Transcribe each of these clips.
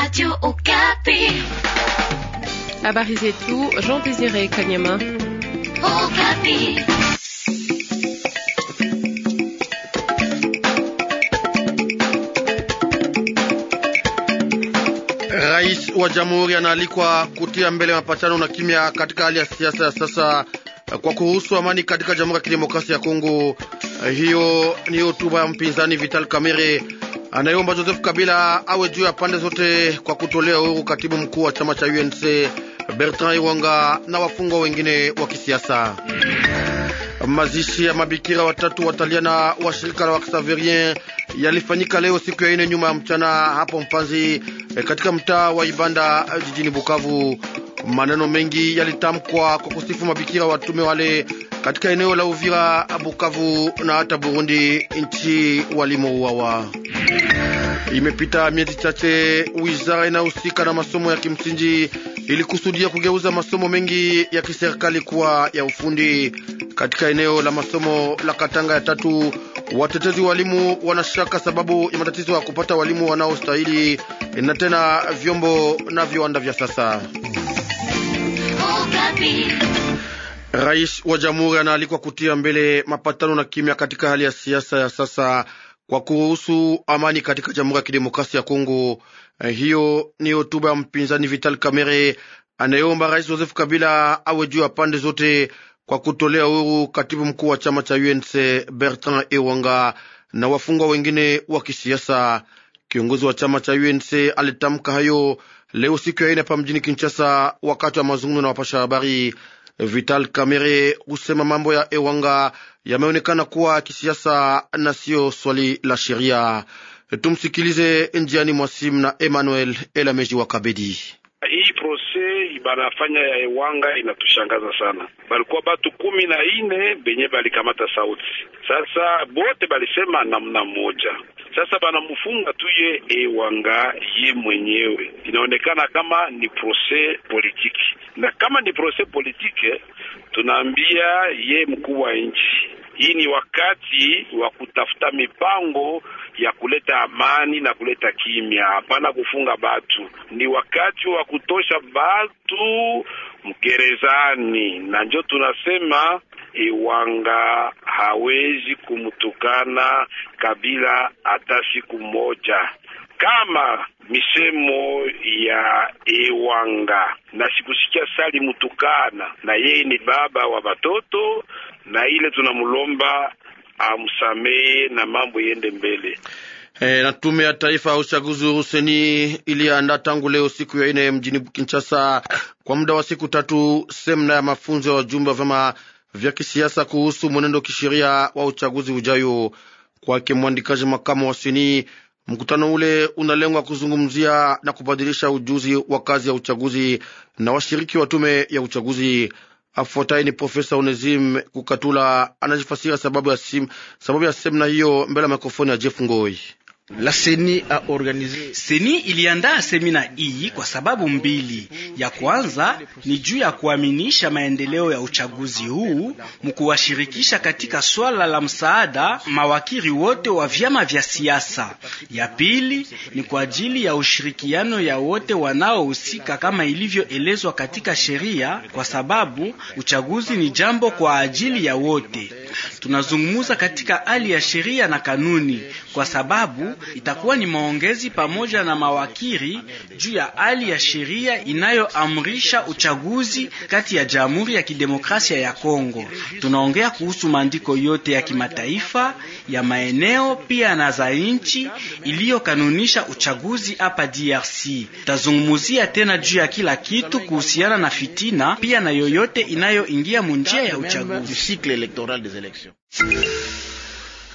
Radio Okapi. Habari zetu Jean Désiré Kanyama. Okapi. Rais wa Jamhuri anaalikwa kutia mbele mapatano na kimya katika hali ya siasa ya sasa kwa kuhusu amani katika Jamhuri ya Kidemokrasia ya Kongo. Hiyo ni hotuba ya mpinzani Vital Kamerhe anayeomba Joseph Kabila awe juu ya pande zote kwa kutolea uhuru katibu mkuu wa chama cha UNC Bertrand Iwanga na wafungwa wengine wa kisiasa. Mazishi ya mabikira watatu wataliana wa shirika la Waksaverien yalifanyika leo siku ya ine nyuma ya mchana hapo Mpanzi eh, katika mtaa wa Ibanda eh, jijini Bukavu. Maneno mengi yalitamkwa kwa kusifu mabikira watume wale katika eneo la Uvira, Bukavu na hata Burundi, nchi walimouawa. Imepita miezi chache, wizara inahusika na masomo ya kimsingi ilikusudia kugeuza masomo mengi ya kiserikali kuwa ya ufundi katika eneo la masomo la Katanga ya tatu. Watetezi walimu wanashaka sababu ya matatizo ya kupata walimu wanaostahili na tena vyombo na viwanda vya sasa. Rais wa jamhuri anaalikwa kutia mbele mapatano na kimya katika hali ya siasa ya sasa kwa kuruhusu amani katika Jamhuri ya Kidemokrasia ya Kongo. Eh, hiyo ni hotuba ya mpinzani Vital Kamerhe anayeomba Rais Joseph Kabila awe juu ya pande zote kwa kutolea huru katibu mkuu wa chama cha UNC Bertrand Ewanga na wafungwa wengine wa kisiasa. Kiongozi wa chama cha UNC alitamka hayo leo siku ya ine hapa mjini Kinshasa wakati wa mazungumzo na wapasha habari Vital Kamerhe husema mambo ya Ewanga yameonekana kuwa kisiasa na siyo swali la sheria. Tumsikilize njiani mwasimu na Emmanuel Elameji wa Kabedi. Hii prose banafanya ya Ewanga inatushangaza sana. Balikuwa batu kumi na ine benye balikamata sauti, sasa bote balisema namna moja. Sasa banamufunga tuye Ewanga ye mwenyewe, inaonekana kama ni proses politiki, na kama ni proses politike, tunaambia ye mkuu wa nchi hii ni wakati wa kutafuta mipango ya kuleta amani na kuleta kimya, hapana kufunga batu. Ni wakati wa kutosha batu mgerezani, na njo tunasema Iwanga hawezi kumtukana Kabila hata siku moja, kama misemo ya ewanga na sikusikia sali mutukana, na yeye ni baba wa batoto na ile tunamlomba amsamee ah, na mambo yende mbele. E, na tume ya taifa ya uchaguzi Ruseni iliandaa tangu leo siku ya ine mjini Kinshasa kwa muda wa siku tatu semna ya mafunzo ya wajumbe wa vyama vya kisiasa kuhusu mwenendo kisheria wa uchaguzi ujayo. Kwake mwandikaji makamu wa Seni, mkutano ule unalengwa kuzungumzia na kubadilisha ujuzi wa kazi ya uchaguzi na washiriki wa tume ya uchaguzi. Afuatayi ni Profesa Onesime Kukatula anajifasiria sababu ya, sim, sababu ya semna hiyo mbele ya mikrofoni ya Jeff Ngoi. La seni a organize. Seni iliandaa semina hii kwa sababu mbili. Ya kwanza ni juu ya kuaminisha maendeleo ya uchaguzi huu mkuwashirikisha katika swala la msaada mawakili wote wa vyama vya siasa. Ya pili ni kwa ajili ya ushirikiano ya wote wanaohusika kama ilivyoelezwa katika sheria kwa sababu uchaguzi ni jambo kwa ajili ya wote tunazungumza katika hali ya sheria na kanuni, kwa sababu itakuwa ni maongezi pamoja na mawakili juu ya hali ya sheria inayoamrisha uchaguzi kati ya Jamhuri ya Kidemokrasia ya Kongo. Tunaongea kuhusu maandiko yote ya kimataifa ya maeneo pia na za nchi iliyokanunisha uchaguzi hapa DRC. Tazungumzia tena juu ya kila kitu kuhusiana na fitina pia na yoyote inayoingia munjia ya uchaguzi élections.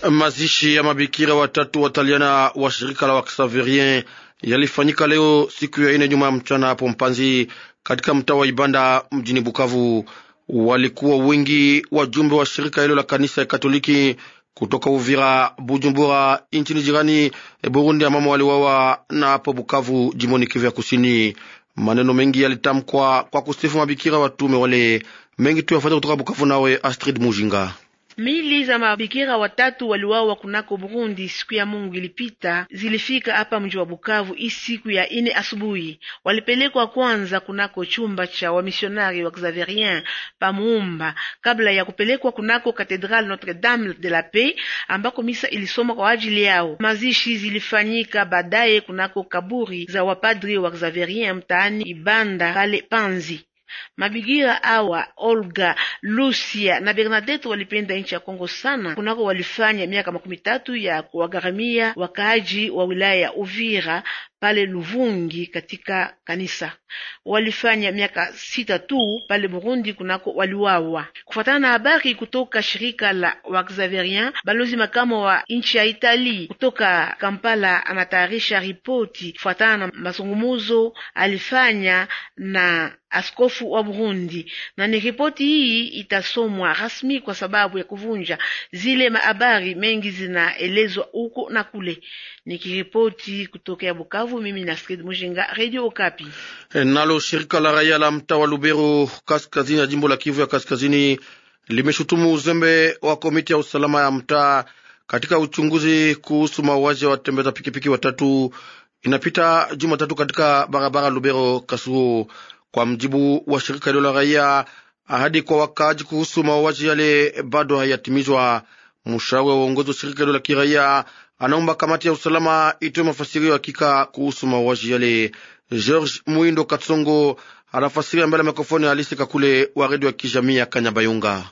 Mazishi ya mabikira watatu wataliana wa shirika la Waksaverien yalifanyika leo siku ya ine nyuma ya mchana hapo Mpanzi katika mtaa wa Ibanda mjini Bukavu. Walikuwa wengi wajumbe wa shirika hilo la kanisa ya Katoliki kutoka Uvira, Bujumbura nchini jirani Burundi, ambamo waliwawa na hapo Bukavu jimoni Kivu ya Kusini. Maneno mengi yalitamkwa kwa kusifu mabikira watume wale. Mengi tuyafata kutoka Bukavu, nawe Astrid Mujinga. Mili za mabikira watatu waliwawa kunako Burundi siku ya Mungu ilipita zilifika hapa mji wa Bukavu isiku ya ine asubuhi. Walipelekwa kwanza kunako chumba cha wamisionari wa Xaverien muumba kabla ya kupelekwa kunako Katedrale Notre Dame de la Paix ambako misa ilisoma kwa ajili yao. Mazishi zilifanyika baadaye kunako kaburi za wapadri wa Xaverien mtaani Ibanda pale Panzi. Mabigira awa Olga Lucia na Bernadette walipenda nchi ya Kongo sana kunako walifanya miaka makumi tatu ya kuwagharamia wakaaji wa wilaya ya Uvira pale Luvungi katika kanisa. Walifanya miaka sita tu pale Burundi kunako waliwawa Kufuatana na habari kutoka shirika la Waxaverian, balozi makamo wa nchi ya Itali kutoka Kampala anatayarisha ripoti kufuatana na mazungumuzo alifanya na askofu wa Burundi, na ni ripoti hii itasomwa rasmi kwa sababu ya kuvunja zile mahabari mengi zinaelezwa huko na kule. Nikiripoti kutoka ya Bukavu, mimi na Astrid Mujinga, Radio Okapi. Nalo shirika la raia la mtaa wa Lubero kaskazini ya jimbo la Kivu ya kaskazini limeshutumu uzembe wa komiti ya usalama ya mtaa katika uchunguzi kuhusu mauaji ya watembeza pikipiki watatu inapita Jumatatu katika barabara Lubero Kasuo. Kwa mjibu wa shirika hilo la raia, ahadi kwa wakaaji kuhusu mauaji yale bado hayatimizwa. Mshauri wa uongozi wa shirika hilo la kiraia anaomba kamati ya usalama itoe mafasirio hakika kuhusu mauaji yale. George Muindo Katsongo anafasiria mbele ya mikrofoni Alisi Kakule wa redio ya kijamii ya Kanyabayunga.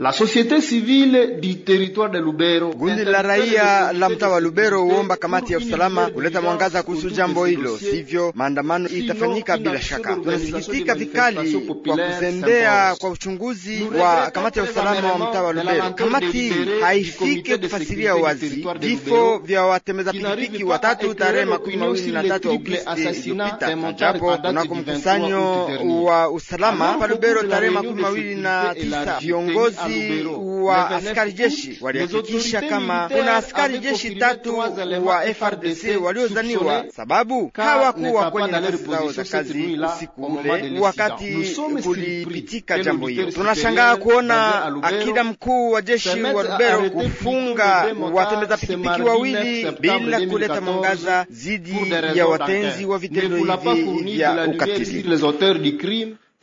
La société civile du territoire de Lubero, gundi la raia la mtaa wa Lubero huomba kamati ya usalama kuleta mwangaza kuhusu jambo hilo, sivyo maandamano itafanyika bila shaka. Tunasikitika vikali kwa kuzembea kwa uchunguzi wa kamati ya usalama wa mtaa wa Lubero. Kamati hii haifike kufasiria wazi vifo vya watembeza pikipiki watatu tarehe makumi mawili na tatu Agosti iliyopita, japo kunako mkusanyo wa usalama pa Lubero tarehe makumi mawili na tisa viongozi viongozi wa askari jeshi walihakikisha kama kuna askari jeshi tatu wa FRDC waliozaniwa, sababu hawakuwa kwenye nafasi zao za kazi usiku ule wakati eh, kulipitika jambo hilo. Tunashangaa kuona akida mkuu wa jeshi wa Rubero kufunga watembeza pikipiki wawili bila kuleta mwangaza zidi ya watenzi wa vitendo hivi vya ukatili.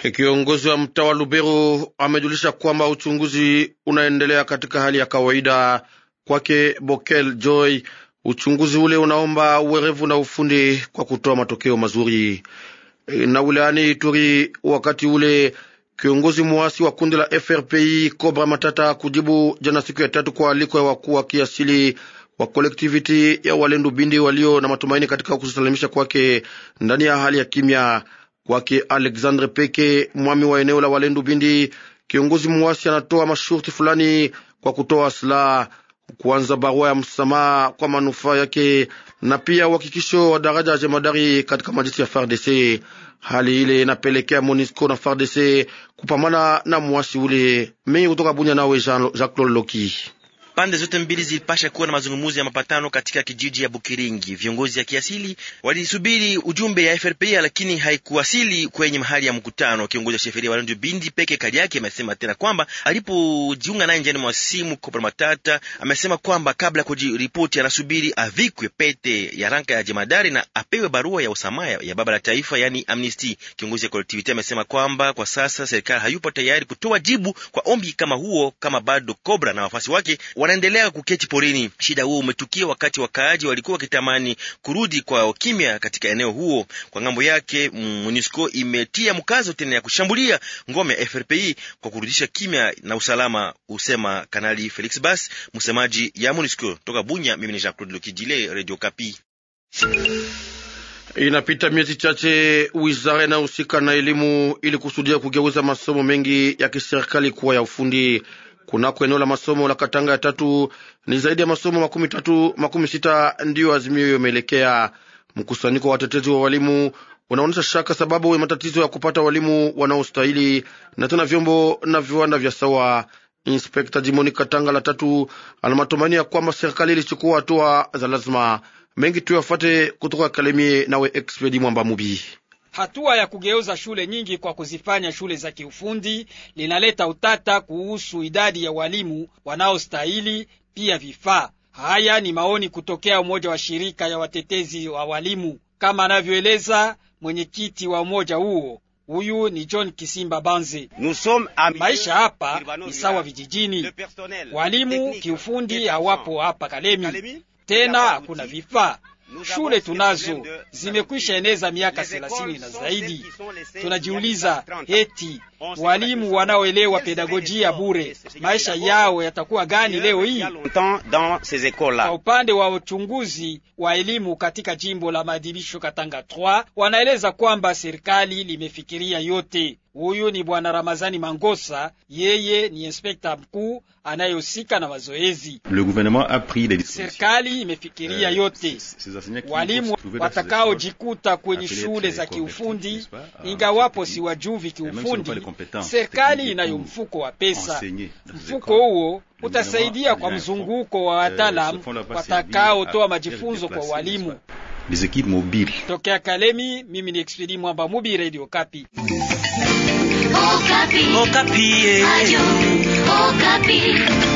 Kiongozi wa mtaa wa Lubero amejulisha kwamba uchunguzi unaendelea katika hali ya kawaida kwake Bokel Joy. Uchunguzi ule unaomba uwerevu na ufundi kwa kutoa matokeo mazuri. E, na wilayani Ituri, wakati ule kiongozi mwasi wa kundi la FRPI Cobra Matata kujibu jana siku ya tatu kwa aliko ya wakuu wa kiasili wa kolektiviti ya Walendu Bindi walio na matumaini katika kusalimisha kwake ndani ya hali ya kimya. Kwake Alexandre Peke, mwami wa eneo la Walendu Bindi, kiongozi mwasi anatoa masharti fulani kwa kutoa silaha, kuanza barua ya msamaha kwa manufaa yake na pia uhakikisho wa daraja ya jemadari katika majeshi ya FARDC. Hali ile inapelekea MONUSCO na FARDC kupambana na mwasi ule. Mimi kutoka Bunya, nawe Jean Jacques Loki. Pande zote mbili zilipasha kuwa na mazungumzo ya mapatano katika kijiji ya Bukiringi. Viongozi ya kiasili walisubiri ujumbe ya FRPA lakini haikuwasili kwenye mahali ya mkutano. Kiongozi wa sheferia Walonjo Bindi peke kali yake amesema tena kwamba alipojiunga naye njiani mwa simu Kopra Matata amesema kwamba kabla ya kujiripoti anasubiri avikwe pete ya ranka ya jemadari na apewe barua ya usamaya ya baba la taifa, yani amnesty. Kiongozi ya kolektivite amesema kwamba kwa sasa serikali hayupo tayari kutoa jibu kwa ombi kama huo, kama bado Kobra na wafasi wake wa wanaendelea kuketi porini. Shida huo umetukia wakati wakaaji walikuwa wakitamani kurudi kwa kimya katika eneo huo. Kwa ngambo yake, MONUSCO imetia mkazo tena ya kushambulia ngome ya FRPI kwa kurudisha kimya na usalama, usema Kanali Felix Bas, msemaji ya MONUSCO toka Bunya. Mimi ni Jean Claude Lokidile, Radio Kapi. Inapita miezi chache wizara inayohusika na elimu ilikusudia kugeuza masomo mengi ya kiserikali kuwa ya ufundi kunako eneo la masomo la Katanga ya tatu ni zaidi ya masomo makumi tatu makumi sita ndiyo azimio yomelekea. Mkusanyiko wa watetezi wa walimu unaonyesha shaka sababu ya matatizo ya kupata walimu wanaostahili na tena vyombo na viwanda vya sawa. Inspekta jimoni Katanga la tatu ana matumaini ya kwamba serikali ilichukua hatua za lazima. Mengi tuyafate kutoka Kalemie nawe Expedi Mwamba Mubi hatua ya kugeuza shule nyingi kwa kuzifanya shule za kiufundi linaleta utata kuhusu idadi ya walimu wanaostahili, pia vifaa. Haya ni maoni kutokea umoja wa shirika ya watetezi wa walimu, kama anavyoeleza mwenyekiti wa umoja huo. Huyu ni John Kisimba Banze. Maisha hapa ni sawa vijijini, walimu kiufundi hawapo hapa Kalemi, tena hakuna vifaa Shule tunazo zimekwisha eneza miaka thelathini na zaidi. Tunajiuliza eti walimu wanaoelewa pedagojia bure, maisha yao yatakuwa gani leo hii? Kwa upande wa uchunguzi wa elimu katika jimbo la maadhibisho Katanga 3 wanaeleza kwamba serikali limefikiria yote. Huyu ni bwana Ramazani Mangosa, yeye ni inspekta mkuu anayehusika na mazoezi. Serikali imefikiria euh, yote. Walimu watakaojikuta kwenye shule za kiufundi, ingawapo si wajuvi kiufundi serikali inayo mfuko wa pesa. Mfuko huo utasaidia kwa mzunguko wa euh, wataalamu watakaotoa majifunzo kwa walimu. Tokea Kalemi, mimi ni Expedi Mwamba Mubi, Radio Kapi. Okapi. Oh, Okapi. Oh, eh. Ayu, Okapi. Oh,